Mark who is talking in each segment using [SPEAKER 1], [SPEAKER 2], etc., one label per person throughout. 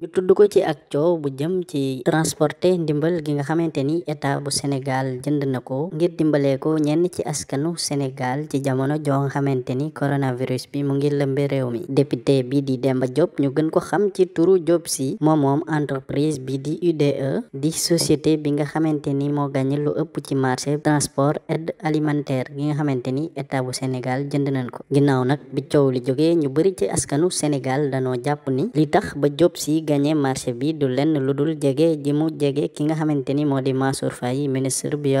[SPEAKER 1] ñu tudd ko ci ak coow bu jëm ci transporter ndimbal gi nga xamante ni état bu Sénégal jënd na ko ngir dimbalee ko ñenn ci askanu Sénégal ci jamono joo xamante ni coronavirus bi mu ngi lëmbe réew mi député bi di Demba Diop ñu gën ko xam ci turu Diop si moom moom entreprise bi di UDE di société bi nga xamante ni moo gagné lu ëpp ci marché transport aide alimentaire gi nga xamante ni état bu Sénégal jënd nañ ko ginnaaw nag bi coow li jógee ñu bëri ci askanu Sénégal danoo jàpp ni li tax ba Diop si gagné marché bi du lenn lu dul jege ji mu jege ki nga xamante ni moo di Mansour Faye ministre bi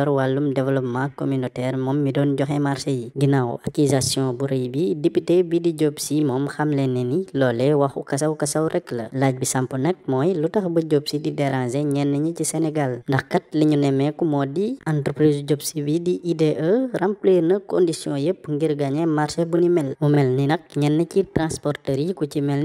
[SPEAKER 1] moom mi doon joxe marché yi ginnaaw accusation bu rëy bi député bi di Diop Sy moom xam leen ne ni loole waxu kasaw-kasaw rek la laaj bi samp nag mooy lu tax ba Diop Sy di déranger ñenn ñi ci Sénégal ndax kat li ñu nemmeeku moo di entreprise Diop Sy bi di IDE remplir na condition yëpp ngir gagné marché bu ni mel mu mel ni nag ñenn ci transporteurs yi ku ci mel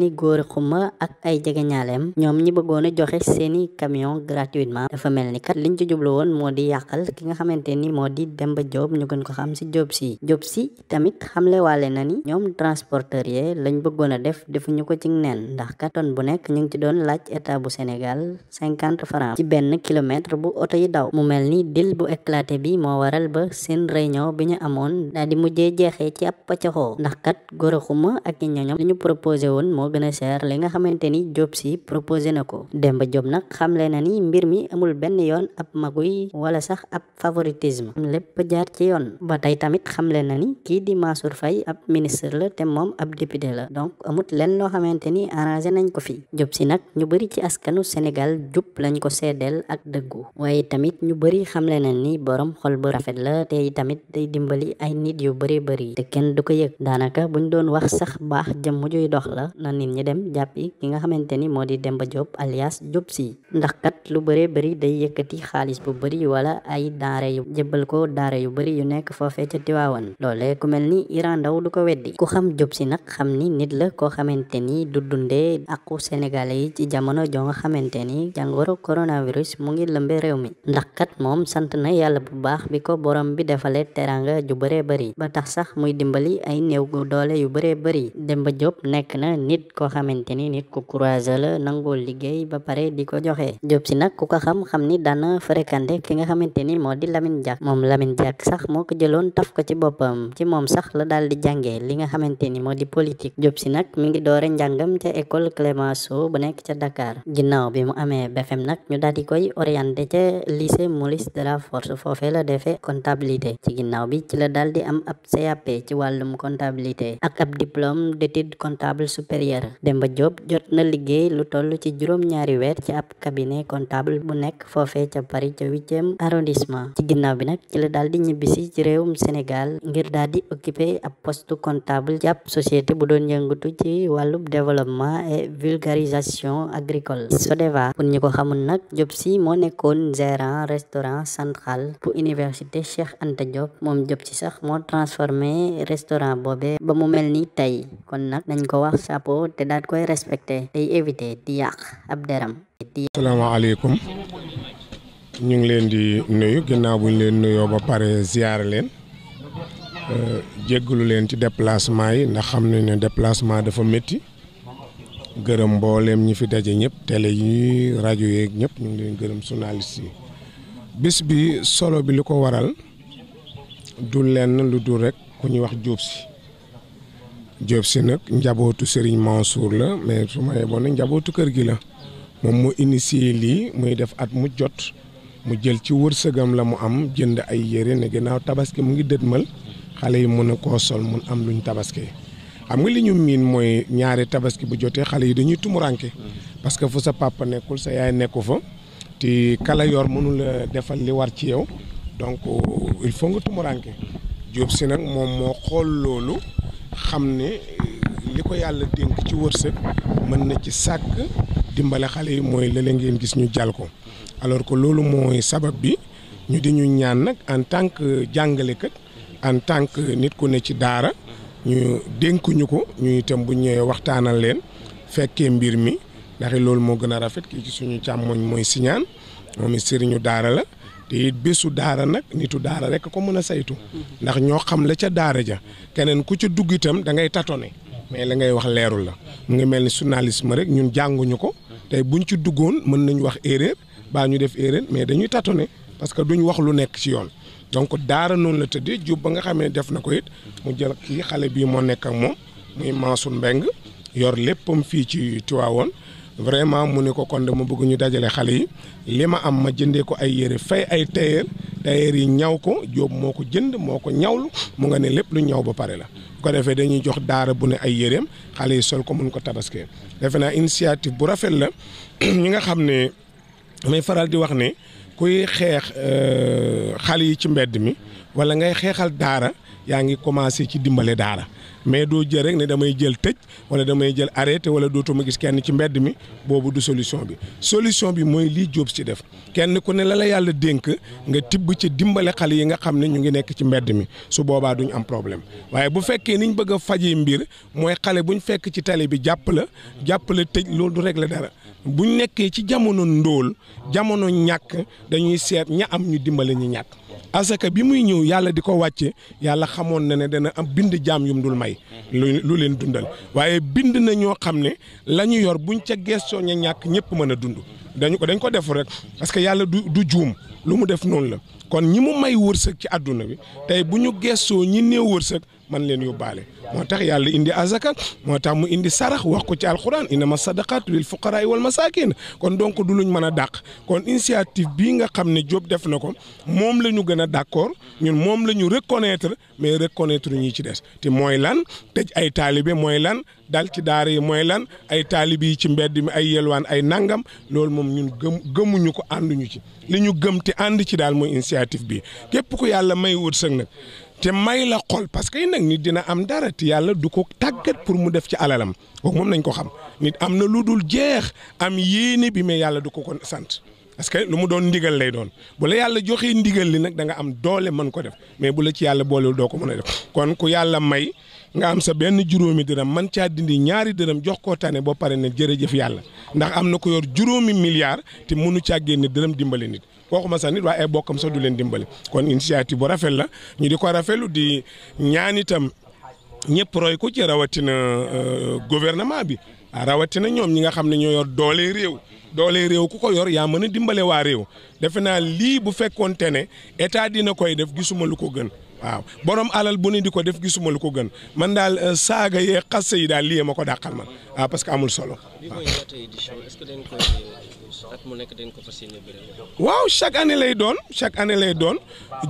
[SPEAKER 1] Njaareem ñoom ñi bëggoon a joxe seeni camion gratuitement dafa mel ni kat liñ ci jublu woon moo di yàqal ki nga xamante ni moo di Demba Diop ñu ko xam si Diop si Diop si tamit xamle na ni ñoom transporteur yee lañ bëggoon a def defuñu ko ci neen ndax kat ton bu nekk ñu ngi ci doon laaj état bu Sénégal cinquante francs ci benn kilomètre bu oto yi daw mu mel ni dil bu éclaté bi moo waral ba seen réunion bi ñu amoon daal di mujjee jeexee ci ab paccaxoo ndax kat góor xuma ak ñoñom li a cher li proposé na ko Demba Diop nag xamle na ni mbir mi amul benn yoon ab maguy wala sax ab favoritisme lépp jaar ci yoon ba tey tamit xamle na ni kii di Mansour Faye ab ministre la te moom ab député la donc amut lenn loo xamante ni arrangé nañ ko fi Diop si nag ñu bëri ci askanu Sénégal jub lañ ko seedeel ak dëggu waaye tamit ñu bëri xamle na ni borom xol bu rafet la te tamit day dimbali ay nit yu bëri bëri te kenn du ko yëg daanaka buñ doon wax sax baax jëmm juy di Demba Diop alias Diop si ndax kat lu bëree bëri day yëkkati xaalis bu bëri wala ay daara yu jëbbal ko daara yu bëri yu nekk foofee ca Tiwaawan loolee ku mel ni Iran Ndaw du ko weddi ku xam Diop si nag xam ni nit la koo xamante ni du dundee aqu sénégalais yi ci jamono jo nga xamante ni jàngoro coronavirus mu ngi lëmbe réew mi ndax kat moom sant na yàlla bu baax bi ko borom bi defalee teranga ju bëree bëri ba tax sax muy dimbali ay néew gu yu bëree bëri Demba Diop nekk na nit koo xamante ni nangoo liggéey ba pare di ko joxe Diop si nag ku ko xam xam ni daana fréquenté ki nga xamante ni moo di Lamine Diack moom Lamine Diack sax moo ko jëloon taf ko ci boppam ci moom sax la daal di jàngee li nga xamante ni moo di politique Diop si nag mi ngi doore njàngam ca école Clémenceau bu nekk ca Dakar ginnaaw bi mu amee BFM nag ñu daal di koy orienté ca lycée Maurice Delafosse foofee la defee comptabilité ci ginnaaw bi ci la daal di am ab CAP ci wàllum comptabilité ak ab diplôme d'études comptables supérieures Demba toll ci juróom-ñaari weer ci ab cabinet comptable bu nekk foofee ca Paris ca huitième arrondissement ci ginnaaw bi nag ci la daal di ñibbisi ci réewum Sénégal ngir daal di occuper ab poste comptable ci ab société bu doon yëngatu ci wàllub développement et vulgarisation agricole SODEVA pour ñi ko xamul nag Diop Sy moo nekkoon gérant restaurant central bu université Cheikh Anta Diop moom Diop Sy sax moo transformé restaurant boobee ba mu mel nii tey kon nag nañ ko wax chapeau te daat koy respecté tey éviter di yàq ab deram.
[SPEAKER 2] asalaamaaleykum ñu ngi leen di nuyu ginnaaw bu ñu leen nuyoo ba pare ziyaar leen euh, jéggalu leen ci déplacement yi ndax xam nañ ne déplacement dafa métti gërëm mbooleem ñi fi daje ñëpp télé yi rajo yeeg ñëpp ñu ngi leen gërëm journaliste yi bis bi solo bi lu ko waral du lenn lu dul rekk ku ñuy wax Diop si Diop si nag njabootu Serigne Mansour la mais su ma yeboon nag njabootu kër gi la moom moo initié lii muy def at mu jot mu jël ci wërsëgam la mu am jënd ay yére ne ginnaaw tabaski mu ngi mal xale yi mën a ko sol mun am luñ tabaski xam nga li ñu miin mooy ñaari tabaski bu jotee xale yi dañuy tumuranke parce que fu sa papa nekkul sa yaay nekku fa te kala yor mënula defal li war ci yow donc il faut nga tumuranke Diop si nag moom moo xool loolu xam ne eh, li ko yàlla dénk ci wërsëg mën na ci sàkk dimbale xale yi mooy lële ngeen gis ñu jal ko alors que loolu mooy sabab bi ñu di ñu ñaan nag en tant que jàngalekat en tant que nit ku ne ci daara ñu dénkuñu ko ñu itam bu ñëwee waxtaanal leen fekkee mbir mi ndax loolu moo gën a rafet kii ci suñu càmmoñ mooy siñaan moom it sëriñu daara la. te it bésu daara nag nitu daara rek ko mën a saytu ndax ñoo xam la ca daara ja keneen ku ca dugg itam da ngay tatone mais la ngay wax leerul la mu ngi mel ni journalisme rek ñun jànguñu ko tey buñ ci duggoon mën nañu wax erreur baa ñu def erreur mais dañuy tatone parce que duñ wax lu nekk ci yoon donc daara noonu la tëddee jub ba nga xamee def na ko it mu jël kii xale bii moo nekk ak moom muy Mansour Mbeng yor léppam fii ci Tiwaawoon vraiment mu ne ko kon ma bëgg ñu dajale xale yi li ma am ma jëndee ko ay yére fay ay tailleur tailleur yi ñaw ko Jóob moo ko jënd moo ko ñawlu mu nga ne lépp lu ñaw ba pare la bu ko defee dañuy jox daara bu ne ay yéreem xale yi sol ko mun ko tabaskee defe naa initiative bu rafet la ñi nga xam ne may faral di wax ne kuy xeex euh, xale yi ci mbedd mi wala ngay xeexal daara yaa ngi commencé ci dimbale daara mais doo jël rek ne damay jël tëj wala damay jël arrêté wala dootuma gis kenn ci mbedd mi boobu du solution bi solution bi mooy lii Jóob ci def kenn ku ne la la yàlla dénk nga tibb ci dimbale xale yi nga xam ne ñu ngi nekk ci mbedd mi su boobaa duñ am problème waaye bu fekkee niñ bëgg a fajee mbir mooy xale buñ fekk ci tali bi jàpp la jàpp la tëj loolu du la dara buñ nekkee ci jamono ndóol jamono ñàkk dañuy seet ña am ñu dimbale ñu ñàkk parce que bi muy ñëw yàlla di ko wàccee yàlla xamoon na ne dana am bind jaam yum dul may lu leen dundal waaye bind na ñoo xam ne la ñu yor buñ ca gestoo ña ñàkk ñëpp mën a dund dañu ko dañ ko def rek parce que yàlla du du juum lu mu def noonu la kon ñi mu may wërsëg ci àdduna bi tey bu ñu gestoo ñi néew wërsëg man leen yóbbaale moo tax yàlla indi azaka moo tax mu indi sarax wax ko ci alxuraan alquran innama sadaqat lil fuqaraa wal masaakin kon donc du luñ mën a dàq kon initiative bii nga xam ne Diop def na ko moom la ñu gën a d'accord ñun moom la ñu reconnaître mais reconnaître ñi ci des ti mooy lan tëj ay taalibe mooy lan dal ci daar yi mooy lan ay taalibe yi ci mbedd mi ay yelwaan ay nangam loolu moom ñun gëm gëmuñu ko ànduñu ci li ñu gëm ti ànd ci daal mooy initiative bi képp ku yàlla may wërsëg nag te may la xol parce que nag nit dina am dara te yàlla du ko tàggat pour mu def ci am kooku moom nañ ko xam nit am na lu dul jeex am yéene bi mais yàlla du ko ko sant parce que lu mu doon ndigal lay doon bu la yàlla joxee ndigal li nag danga am doole mën ko def mais bu la ci yàlla boole doo ko mën a def kon ku yàlla may nga am sa benn juróomi dërëm man caa dindi ñaari dërëm jox ko tane boo pare ne jërëjëf yàlla ndax am na ko yoor juróomi milliard te mënu caa génne dërëm dimbale nit waxuma sax ni waa ay bokkam sax du leen dimbale kon initiative bu rafet la ñu di ko rafetlu di ñaan itam ñëpp roy ko ci rawatina euh, gouvernement bi ah, rawatina ñoom ñi nga xam ne ñoo yor doole réew doole réew ku ko yor yaa mën a dimbale waa réew defe naa lii bu fekkoonte ne état dina koy def gisuma lu ko gën. waaw borom alal bu ne di ko def gisuma lu ko gën man daal euh, saaga yee xase yi daal lii ma ko dàqal man waaw ah, parce que amul solo. Ah. waaw chaque année lay doon chaque année lay doon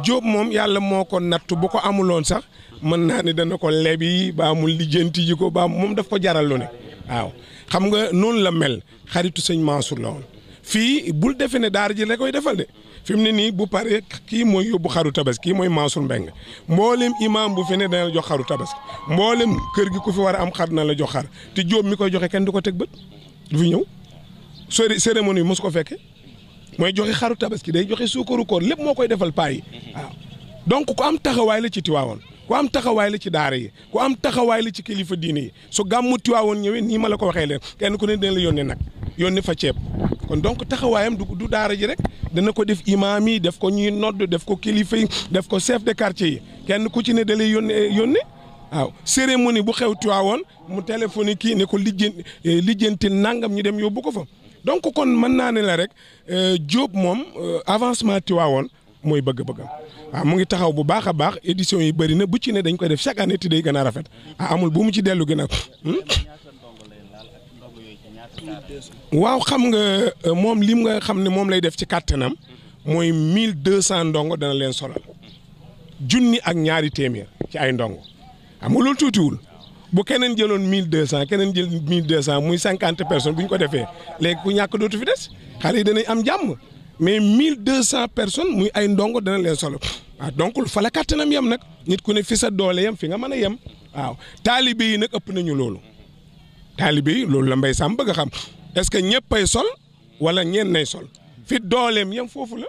[SPEAKER 2] Diop moom yàlla moo ko nattu bu ko amuloon sax mën naa ne dana ko lebi baa mu lijjanti ji ko baa moom daf ko jaral lu ne waaw xam nga noonu la mel xaritu sëñ Mansour la woon fii bul defe ne daara ji la koy defal de. fi mu ne nii bu paree kii mooy yóbbu xaru tabaski kii mooy Mansour Mbengue mboolem imam bu fi ne dana la jox xaru tabaski mboolem kër gi ku fi war a am xar na la jox xar te jóom mi koy joxe kenn du ko teg bët du fi ñëw sori cérémonie mosu ko fekke mooy joxe xaru tabaski day joxe suukaru koor lépp moo koy defal paa yi waaw donc ku am taxawaay la ci Tiwaawoon ku am taxawaay la ci daara yi ku am taxawaay la ci kilifa diine yi su gàmmu Tiwaawoon ñëwee nii ma la ko waxee leen kenn ku ne dina la yónnee nag yónnee fa ceeb. kon donc taxawaayam du du daara ji rek dana ko def imaam yi def ko ñuy nodd def ko kilifa yi def ko chef de quartier yi kenn ku ci ne da lay yónnee eh, yónnee waaw cérémonie bu xew woon mu téléphone kii ne ko lijjanti eh, lijjanti nangam ñu dem yóbbu ko fa. donc kon mën naa ne la rek eh, Diop moom avancement woon mooy bëgg-bëggam waaw mu ngi taxaw bu baax a baax édition yi bëri na bu ci ne dañ koy def chaque année te day gën a rafet ah amul bu mu ci dellu gën a hmm? waaw xam nga euh, moom lim nga xam ne moom lay def ci kàttanam mooy mille deux cent ndongo dana leen solal junni ak ñaari téeméer ci ay ndongo xam nga loolu tuutiwul bu keneen jëloon mille deux cent keneen jël mille deux cent muy cinquante personnes bu ñu ko defee léegi ku ñàkk dootu fi des xale am jàmm mais mille deux cent personnes muy ay ndongo dana leen solo waaw ah, donc fa la kàttanam yem nag nit ku ne fi sa doole yem fi nga mën a yem waaw taalibe yi nag ëpp nañu loolu. taalibe yi loolu la Mbaye Samb bëgg a xam est-ce que ñëppay sol wala ñeen nay sol fi dooleem yam foofu la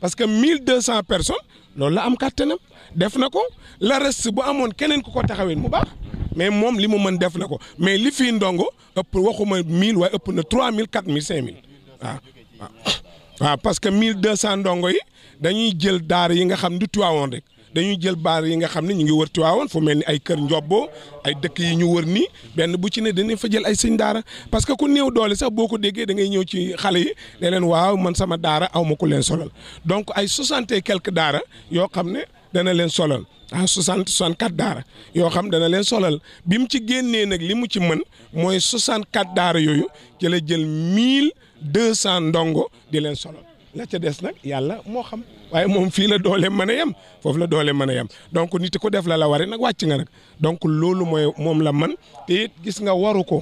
[SPEAKER 2] parce que mille deux cent personnes loolu la am kàttanam def na ko la reste bu amoon keneen ku ko taxaween mu baax mais moom li mu mën def na ko mais li fii ndongo ëpp waxuma mille waaye ëpp na trois mille quatre mille cinq mille waaw waaw waaw parce que mille deux cent ndongo yi dañuy jël daar yi nga xam du tuwaawoon rek dañuy jël baar yi nga xam ne ñu ngi wër Tiwaawoon fu mel ni ay kër njobbo ay dëkk yi ñu wër nii benn bu ci ne dañuy fa jël ay sëñ daara parce que ku néew doole sax boo ko déggee da ngay ñëw ci xale yi ne waaw man sama daara aw ma ku leen solal donc ay soixante quelques daara yoo xam ne dana leen solal a ah, soixante soixante quatre daara yoo xam dana leen solal bi mu ci génnee nag li mu ci mën mooy soixante quatre daara yooyu ci jël mille deux cent ndongo di leen solal la ca des nag yàlla moo xam. waaye moom fii la doole mën a yem foofu la doole mën a yem donc nit ku def la la wari nag wàcc nga nag donc loolu mooy moom la man te gis nga waru ko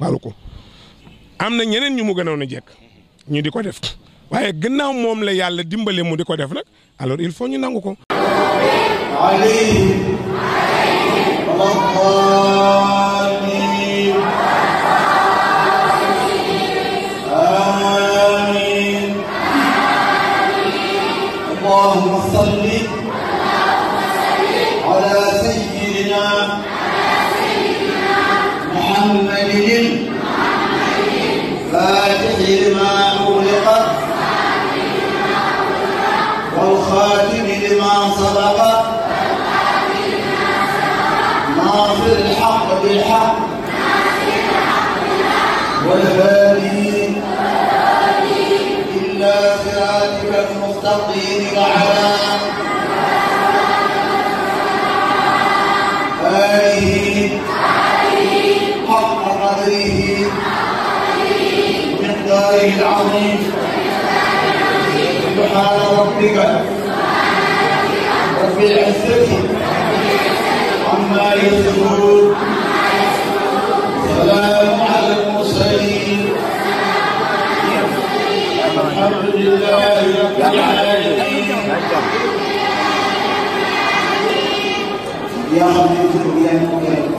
[SPEAKER 2] waru ko am na ñeneen ñu mu gënoon jekk ñu di ko def waaye gannaaw moom la yàlla dimbale mu di ko def nag alors il faut ñu nangu ko.
[SPEAKER 1] ناصر الحق بالحق
[SPEAKER 2] والهادي إلى صراطك المستقيم وعلى آله حق قدره مقداره العظيم سبحان ربك رب العزة عما يشكرون سلام على المرسلين الحمد لله رب العالمين يا حبيبي يا مكرم